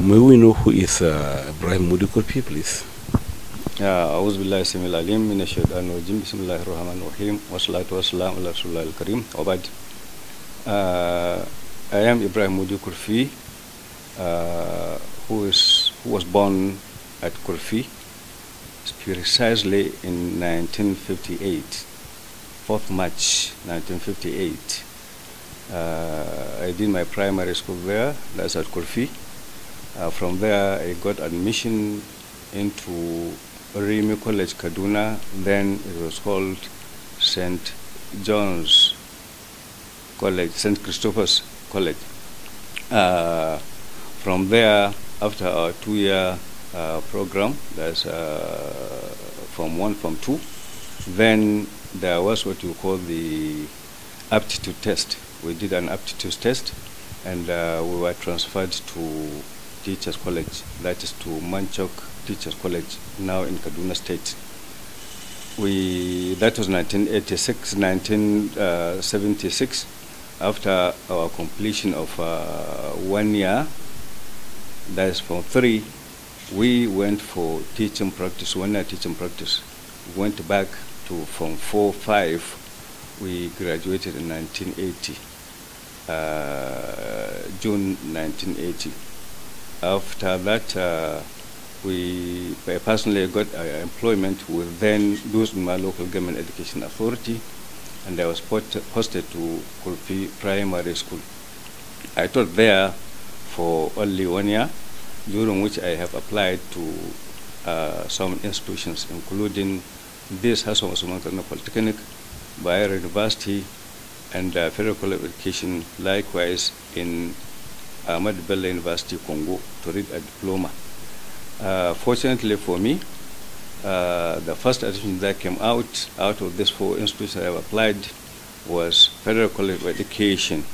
may we know who is uh, Ibrahim Mudukurpi, please? أعوذ بالله السميع العليم من الشيطان الرجيم بسم الله الرحمن الرحيم والصلاة والسلام على رسول الله الكريم وبعد I am Ibrahim Mudi Kurfi uh, who, is, who was born at Kurfi precisely in 1958 4th March 1958 uh, I did my primary school there that's at Kurfi uh, from there, I got admission into Rimi College, Kaduna. Then it was called St. John's College, St. Christopher's College. Uh, from there, after our two-year uh, program, that's uh, from one, from two, then there was what you call the aptitude test. We did an aptitude test, and uh, we were transferred to Teachers College, that is to Manchok Teachers College, now in Kaduna State. We, that was 1986, 1976, uh, after our completion of uh, one year, that is from three, we went for teaching practice, one year teaching practice. Went back to from four, five, we graduated in 1980, uh, June 1980. After that, uh, we I personally got uh, employment with then my Local Government Education Authority, and I was posted to Kulpi Primary School. I taught there for only one year, during which I have applied to uh, some institutions, including this Hassan Usman Karno Polytechnic, Bayer University, and uh, Federal College of Education, likewise in Ahmed Bela University, Congo, to read a diploma. Uh, fortunately for me, uh, the first admission that came out out of these four institutions I applied was Federal College of Education,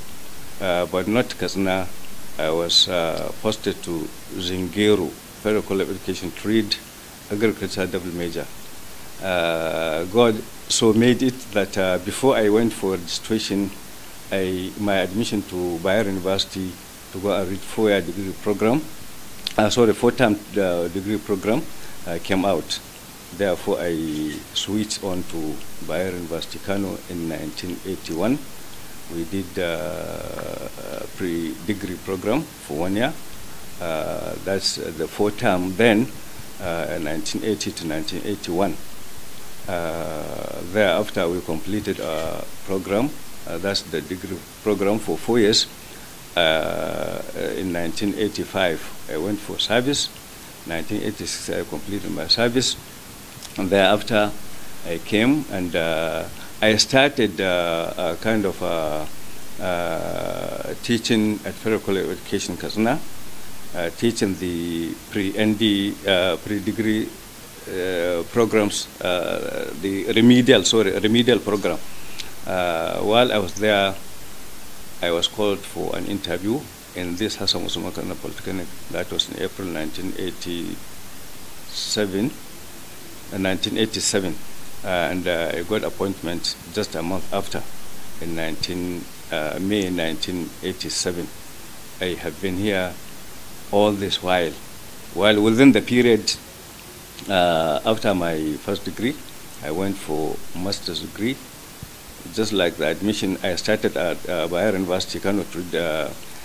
uh, but not Kazna. I was uh, posted to Zingero Federal College of Education to read agriculture double major. Uh, God so made it that uh, before I went for registration, I, my admission to Bayer University to go a four-year degree program. Uh, sorry, four-term uh, degree program uh, came out. Therefore, I switched on to Bayer University Kano in 1981. We did uh, a pre-degree program for one year. Uh, that's the four-term then, 1980 uh, to 1981. thereafter, we completed a program. that's the degree program for four years. Uh, in 1985, I went for service. 1986, I completed my service. And thereafter, I came and uh, I started uh, a kind of teaching at Federal College of Education, Kazna, teaching the pre-ND, pre-degree uh, programs, uh, the remedial, sorry, remedial program. Uh, while I was there, I was called for an interview in this Hassan Usman Polytechnic. That was in April 1987. Uh, 1987. Uh, and uh, I got appointment just a month after, in 19, uh, May 1987. I have been here all this while. Well, within the period uh, after my first degree, I went for master's degree just like the admission, I started at uh, University, Kano, uh,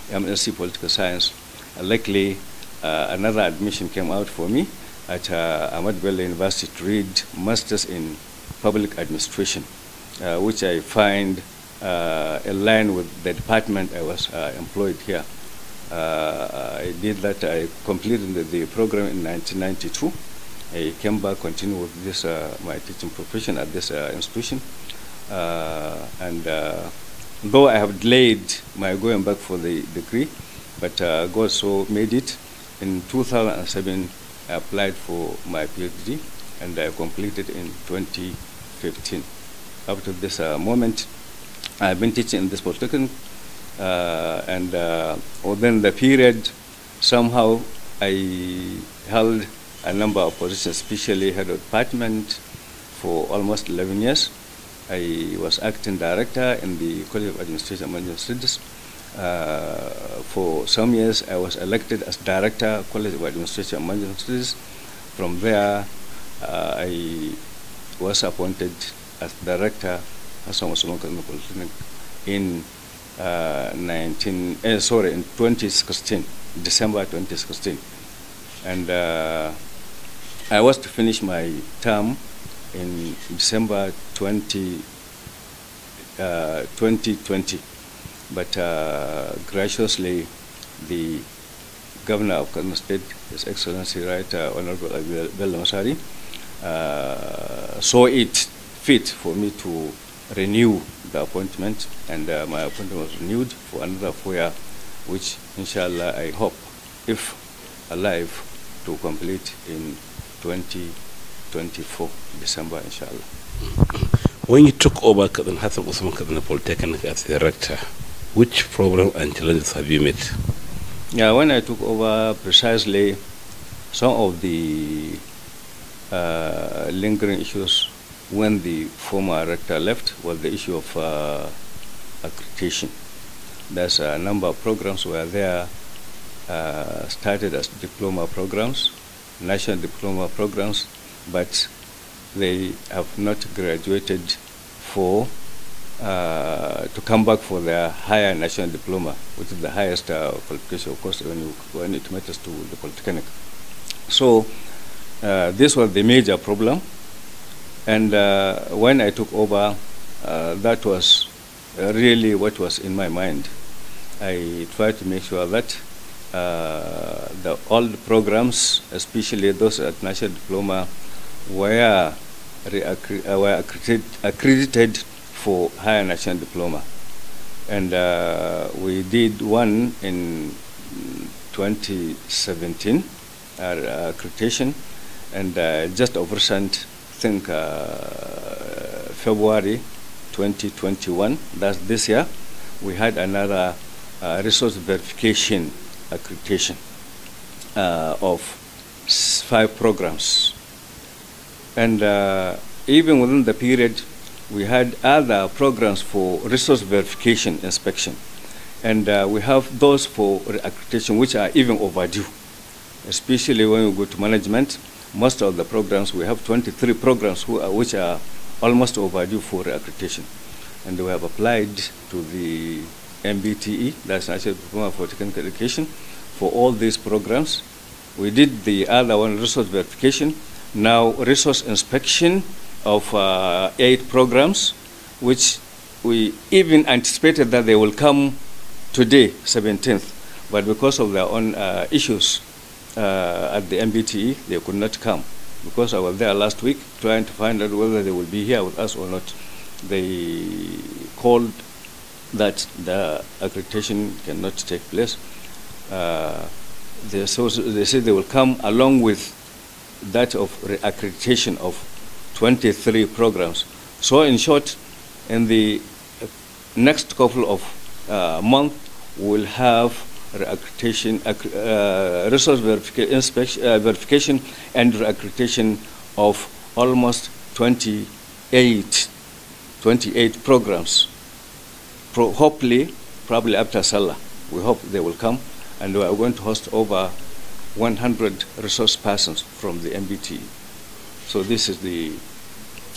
MSc Political Science. Uh, luckily, uh, another admission came out for me at uh, Ahmad Bello University to read Masters in Public Administration, uh, which I find uh, aligned with the department I was uh, employed here. I did that, I completed the, the, program in 1992. I came back, continued with this, my teaching profession at this institution. Uh, and uh, though I have delayed my going back for the degree, but uh, God so made it. In 2007, I applied for my PhD and I completed in 2015. Up to this uh, moment, I've been teaching in this position, uh, and uh, within the period, somehow I held a number of positions, especially head of department, for almost 11 years. I was acting director in the College of Administration and Management uh, for some years, I was elected as director, College of Administration and Management Studies. From there, uh, I was appointed as director Hassan Osman Polytechnic in uh, 19. Eh, sorry, in 2016, December 2016, and uh, I was to finish my term in December 20, uh, 2020. But uh, graciously, the Governor of Kaduna State, His Excellency Right uh, Honorable Bello Masari, uh, saw it fit for me to renew the appointment, and uh, my appointment was renewed for another four years, which, inshallah, I hope, if alive, to complete in 2020. 24 December, inshallah. When you took over Kadun Hassan Usman the Polytechnic as director, which problem and challenges have you met? Yeah, when I took over, precisely some of the uh, lingering issues when the former rector left was the issue of uh, accreditation. There's a number of programs where there uh, started as diploma programs, national diploma programs, but they have not graduated for uh, to come back for their higher national diploma, which is the highest uh, qualification, of course, when, you, when, it matters to the polytechnic. So uh, this was the major problem, and uh, when I took over, uh, that was really what was in my mind. I tried to make sure that uh, the old programs, especially those at national diploma, were, uh, were accredited, accredited for higher national diploma. And uh, we did one in 2017, our uh, accreditation, and uh, just over sent, I think, uh, February 2021, that's this year, we had another uh, resource verification accreditation of five programs and uh, even within the period, we had other programs for resource verification inspection. And uh, we have those for accreditation which are even overdue, especially when we go to management. Most of the programs, we have 23 programs are, which are almost overdue for accreditation. And we have applied to the MBTE, that's National Diploma for Technical Education, for all these programs. We did the other one, resource verification, now, resource inspection of uh, aid programs, which we even anticipated that they will come today, 17th, but because of their own uh, issues uh, at the MBTE, they could not come. Because I was there last week trying to find out whether they will be here with us or not, they called that the accreditation cannot take place. Uh, they, so, they said they will come along with that of reaccreditation of 23 programs. So in short, in the uh, next couple of uh, months, we'll have reaccreditation, uh, resource verification, uh, verification and reaccreditation of almost 28, 28 programs. Pro hopefully, probably after Salah, we hope they will come, and we are going to host over 100 resource persons from the MBT. So this is the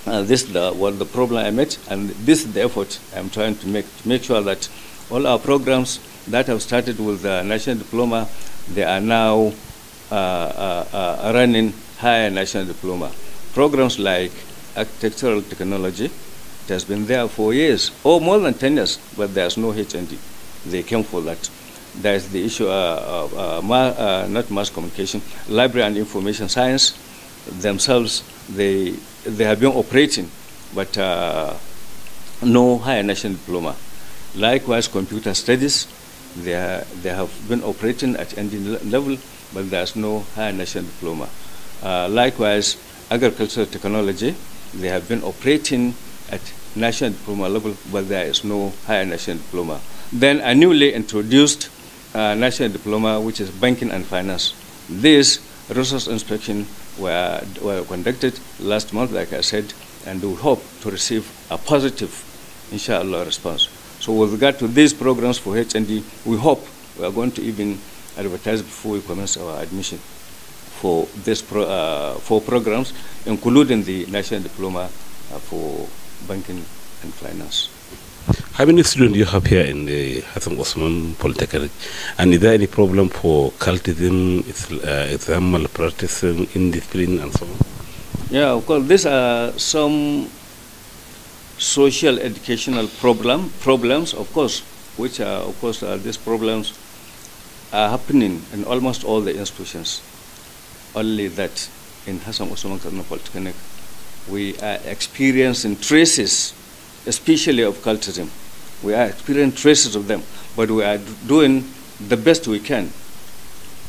uh, this the, what the problem I met, and this is the effort I'm trying to make to make sure that all our programs that have started with the national diploma, they are now uh, uh, uh running higher national diploma. Programs like architectural technology, it has been there for years, or more than 10 years, but there's no HND. They came for that. There is the issue uh, of uh, uh, not mass communication, library and information science themselves, they, they have been operating, but no higher national diploma. Likewise, computer studies, they, are, they have been operating at engine level, but there's no higher national diploma. Uh, likewise, agricultural technology, they have been operating at national diploma level, but there is no higher national diploma. Then a newly introduced uh, national diploma, which is banking and finance. This resource inspection were, were conducted last month, like I said, and we hope to receive a positive, inshallah, response. So with regard to these programs for HND, we hope we are going to even advertise before we commence our admission for these pro, uh, four programs, including the national diploma uh, for banking and finance. How many students do you have here in the Hassan Osman Polytechnic? And is there any problem for cultism, uh, exam malpractice, indiscipline, and so on? Yeah, of course. These are some social educational problem problems, of course, which are, of course, uh, these problems are happening in almost all the institutions. Only that in Hassan Osman Polytechnic, we are experiencing traces especially of cultism. We are experiencing traces of them, but we are doing the best we can.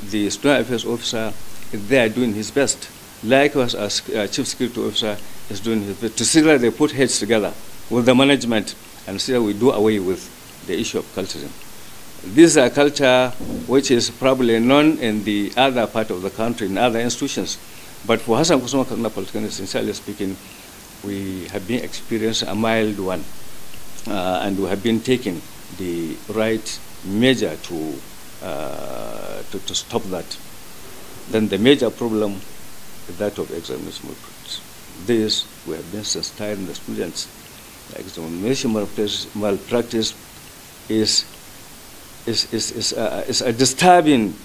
The student affairs officer is there doing his best. Likewise, our, our chief security officer is doing his best to see that they put heads together with the management and see that we do away with the issue of cultism. This is a culture which is probably known in the other part of the country, in other institutions. But for Hassan Kusuma Kagna Polytechnic, sincerely speaking, we have been experiencing a mild one, uh, and we have been taking the right measure to, uh, to, to, stop that. Then the major problem is that of examination malpractice. This, we have been sensitizing the students. The examination malpractice, malpractice is, is, is, is, is a disturbing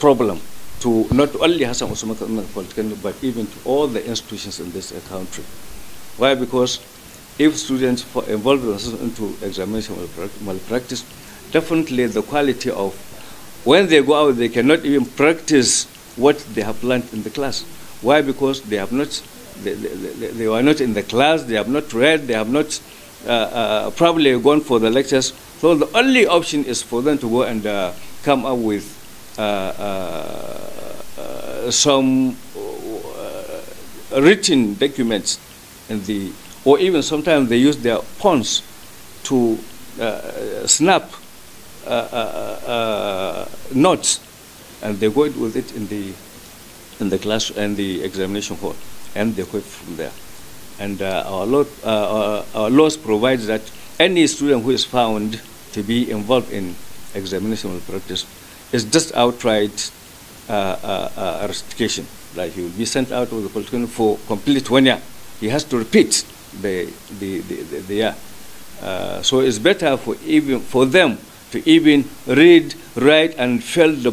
problem to not only Hassan Usman Polytechnic, but even to all the institutions in this uh, country. Why? Because if students are themselves into examination malpractice, definitely the quality of when they go out, they cannot even practice what they have learned in the class. Why? Because they have not, they, they, they were not in the class, they have not read, they have not uh, uh, probably gone for the lectures. So the only option is for them to go and uh, come up with some uh, written documents in the or even sometimes they use their phones to uh, snap uh uh, uh, uh, notes and they go with it in the in the class and the examination hall and they quit from there and our, law, our, our laws provides that any student who is found to be involved in examinational practice is just outright uh, uh, uh rustication. Like he will be sent out of the political for complete one year. He has to repeat the, the, the, the, the year. Uh, so it's better for, even, for them to even read, write, and fill the,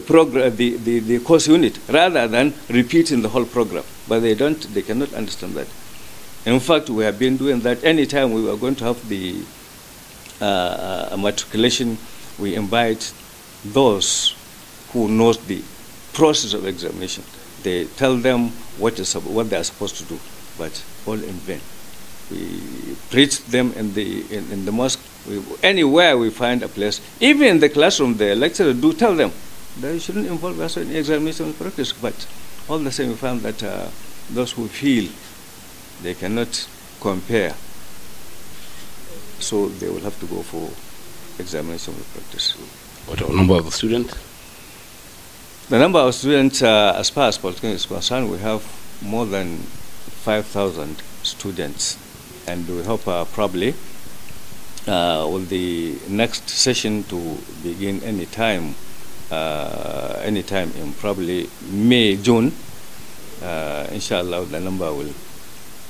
the, the, the course unit rather than repeating the whole program. But they don't, they cannot understand that. In fact, we have been doing that anytime we were going to have the uh, matriculation, we invite those who knows the process of examination. They tell them what, is, what they are supposed to do, but all in vain. We preach them in the, in, in the mosque, we, anywhere we find a place, even in the classroom, the lecturer do tell them that you shouldn't involve us in examination practice, but all the same we found that uh, those who feel they cannot compare, so they will have to go for examination practice. What number of students? The number of students, uh, as far as Polytechnic is concerned, we have more than 5,000 students, and we hope uh, probably uh, with the next session to begin any time, uh, any time in probably May, June, uh, inshallah, the number will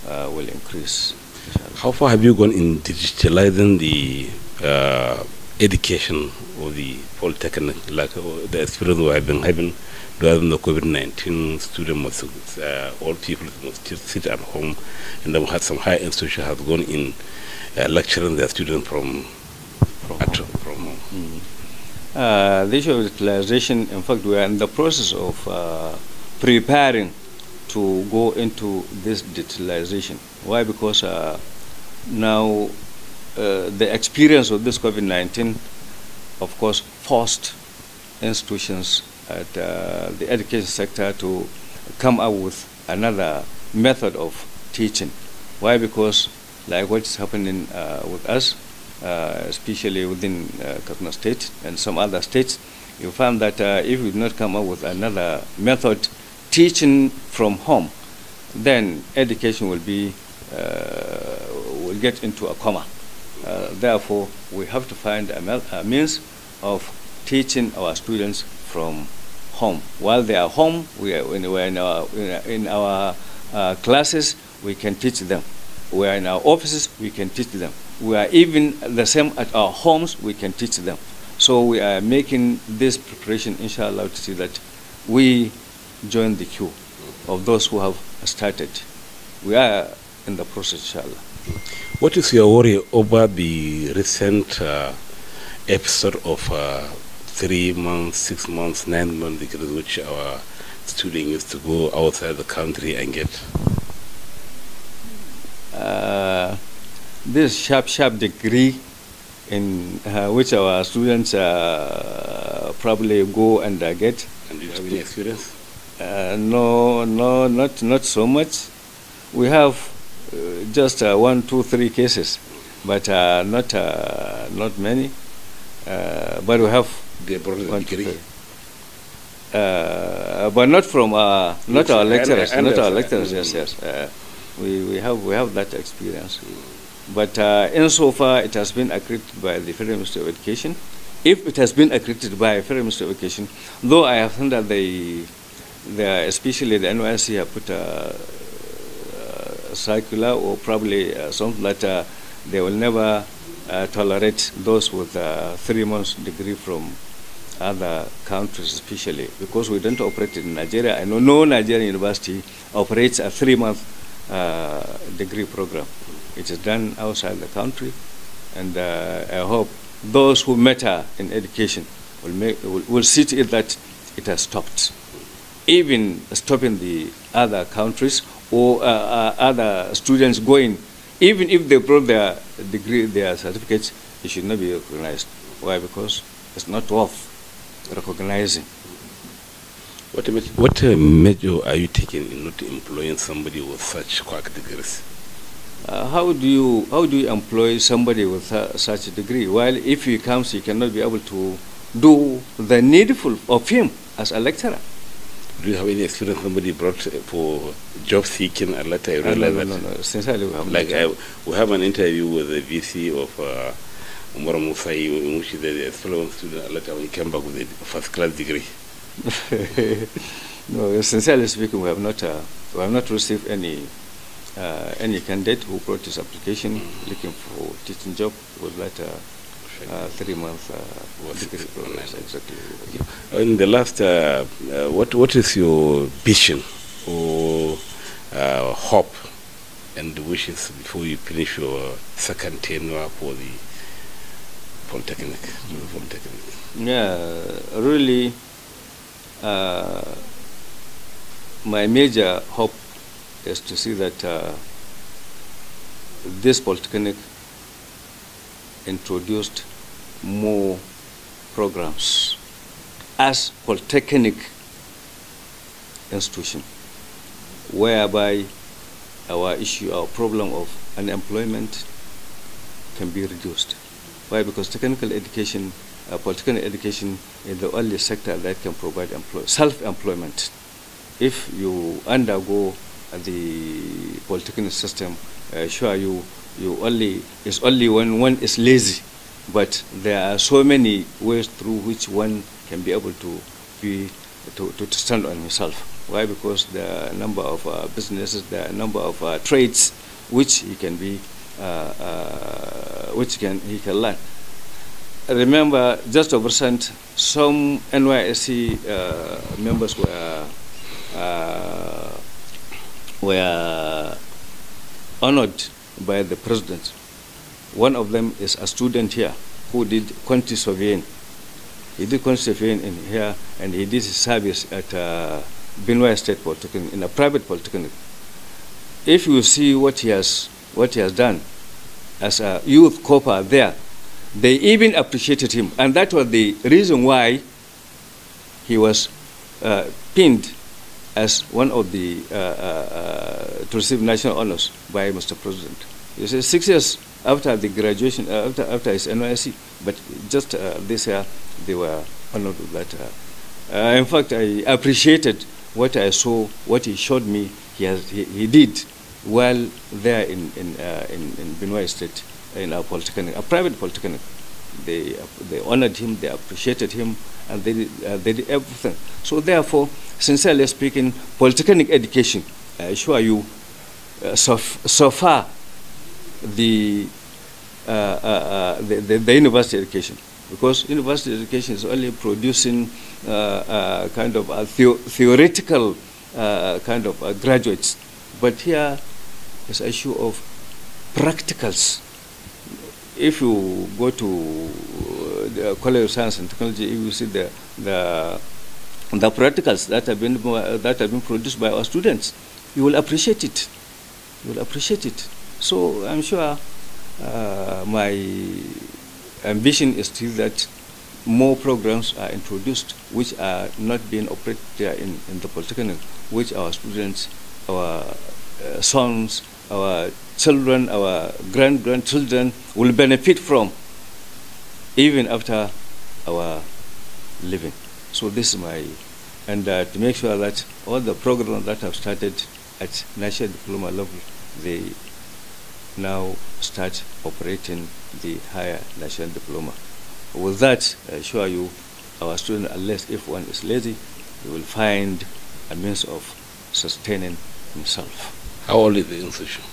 uh, will increase. Inshallah. How far have you gone in digitalizing the uh, education or the polytechnic, like the experience I've been having during the COVID-19 student must, uh, all people must sit at home and then we had some higher institution has gone in uh, lecturing their students from, from at, home. From home. Mm this utilization, in fact, we are in the process of uh, preparing to go into this digitalization. Why? Because uh, now uh, the experience of this COVID-19, of course, forced institutions at uh, the education sector to come up with another method of teaching. Why? Because like what is happening uh, with us, uh, especially within uh, Katuna State and some other states, you find that if we do not come up with another method, teaching from home, then education will be will get into a coma. Uh, therefore, we have to find a, a, means of teaching our students from home. While they are home, we are, we are in our, in our uh, classes, we can teach them. We are in our offices, we can teach them. We are even the same at our homes, we can teach them. So we are making this preparation, inshallah, to see that we join the queue of those who have started. We are in the process, inshallah. What is your worry over the recent uh, episode of uh, three months, six months, nine months, because which our student used to go outside the country and get? Uh, this sharp, sharp degree in uh, which our students uh, probably go and uh, get. And you have any experience? no, no, not not so much. We have just uh, one, two, three cases, but uh, not uh, not many. but we have the brought but not from not our lecturers, not our lecturers. Yes, yes. we, we have we have that experience. But uh, insofar it has been accredited by the Federal Ministry of Education, if it has been accredited by the Federal Ministry of Education, though I have heard that they, they especially the NYC have put a circular or probably uh, some letter, uh, they will never uh, tolerate those with three months degree from other countries especially because we don't operate in Nigeria. I know no Nigerian university operates a three-month uh, degree program. It is done outside the country and uh, I hope those who matter in education will, make, will, will see to it that it has stopped. Even stopping the other countries or uh, uh, other students going, even if they brought their degree, their certificates, it should not be recognized. Why? Because it's not worth recognizing. What, what uh, measure are you taking in not employing somebody with such quack degrees? Uh, how do you how do you employ somebody with uh, such a degree? Well, if he comes, he cannot be able to do the needful of him as a lecturer. Do you have any experience somebody brought uh, for job seeking a letter? I no, no, No, no, Sincerely, we have Like, I, uh, we have an interview with the VC of uh, Umar Musai, in which the fellow student a letter when he came back with a first class degree. no, sincerely speaking, we have not, uh, we have not received any, uh, any candidate who brought his application mm. looking for teaching job with letter. Uh, uh, three months uh, uh, exactly. In the last, what what is your vision or hope and wishes before you finish your second tenure for the Polytechnic? Mm -hmm. Polytechnic. Yeah, really, uh, my major hope is to see that uh, this Polytechnic introduced more programs as polytechnic institution, whereby our issue, our problem of unemployment can be reduced. Why? Because technical education, uh, polytechnic education is the only sector that can provide employ self-employment. If you undergo the polytechnic system, uh, sure you you only it's only when one is lazy but there are so many ways through which one can be able to be to, to, stand on himself. Why? Because the number of uh, businesses, the number of uh, trades which he can be, uh, uh which can he can learn. Remember, just to percent, some NYSC uh, members were uh, were honored by the president one of them is a student here who did quantity surveying. He did quantity surveying in here, and he did his service at uh, State Polytechnic, in a private polytechnic. If you see what he has, what he has done as a youth copper there, they even appreciated him. And that was the reason why he was uh, pinned as one of the uh, uh, uh to receive national honors by Mr. President. You see, six years after the graduation, uh, after, after his NYC, but just uh, this year they were honored with that. Uh, in fact, I appreciated what I saw, what he showed me, he, has, he, he did well there in, in, in, in Benue State, in our polytechnic, a private polytechnic they uh, they honored him, they appreciated him, and they did, uh, they did everything. So therefore, sincerely speaking, polytechnic education, I assure you, uh, so, so far the, uh, uh, uh, the, the, the, university education. Because university education is only producing uh, uh, kind of a theo theoretical kind of graduates. But here is an issue of practicals. If you go to the College of Science and Technology, you will see the, the, the practicals that have, been, that have been produced by our students. You will appreciate it. You will appreciate it. So I'm sure uh, my ambition is still that more programs are introduced which are not being operated there in, in the polytechnic, which our students, our uh, sons, our children, our grand grandchildren will benefit from even after our living. So this is my, and uh, to make sure that all the programs that have started at national diploma level, they now start operating the higher national diploma. With that, I uh, assure you, our students, unless if one is lazy, he will find a means of sustaining himself. How old is the institution?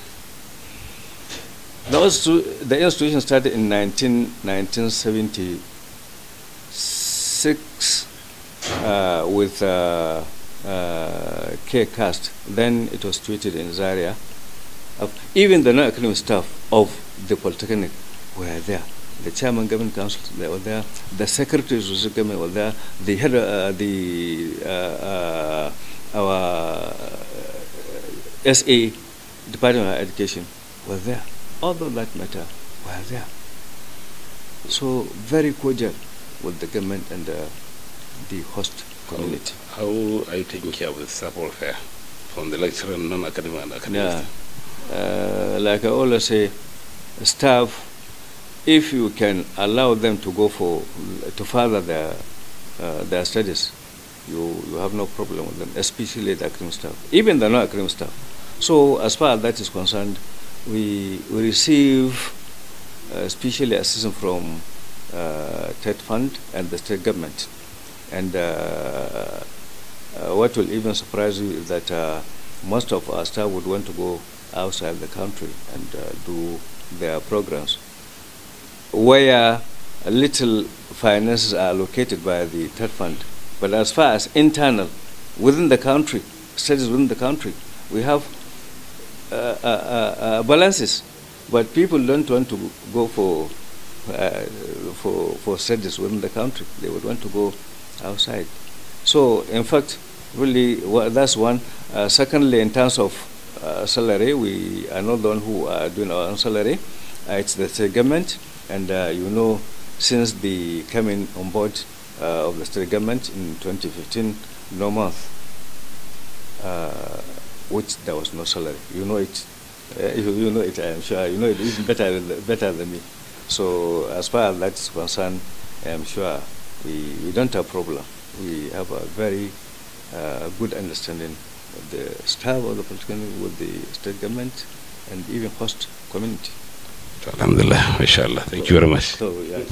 the institution started in 19, 1976 uh, with uh, uh, K-Cast. Then it was treated in Zaria of even the non-academic staff of the Polytechnic were there. The chairman government council they were there. The secretaries of the government were there. The head, uh, the uh, uh, our uh, SA Department of Education were there. All of that matter were there. So very cordial with the government and the host community. How, how are you taking care of the staff welfare from the lecturer, non-academic and academic? Yeah. Uh, like I always say, staff, if you can allow them to go for to further their uh, their studies, you you have no problem with them, especially the academic staff, even the non-academic staff. So as far as that is concerned, we we receive uh, especially assistance from uh, Ted Fund and the state government, and uh, uh, what will even surprise you is that most of our staff would want to go outside the country and uh, do their programs. Where little finances are allocated by the third fund, but as far as internal, within the country, studies within the country, we have uh, uh, balances, but people don't want to go for uh, for, for studies within the country. They would want to go outside. So, in fact, really, well, that's one. Uh, secondly, in terms of uh, salary. We are not the one who are doing our own salary. Uh, it's the government, and uh, you know, since the coming on board of the state government in 2015, no month which there was no salary. You know it. Uh, you, you, know it, I'm sure. You know it even better than, better than me. So as far as that's concerned, I'm sure we, we don't have a problem. We have a very uh, good understanding the staff of the political with the state government and even host community. Alhamdulillah, inshallah. Thank you very much. So, yeah.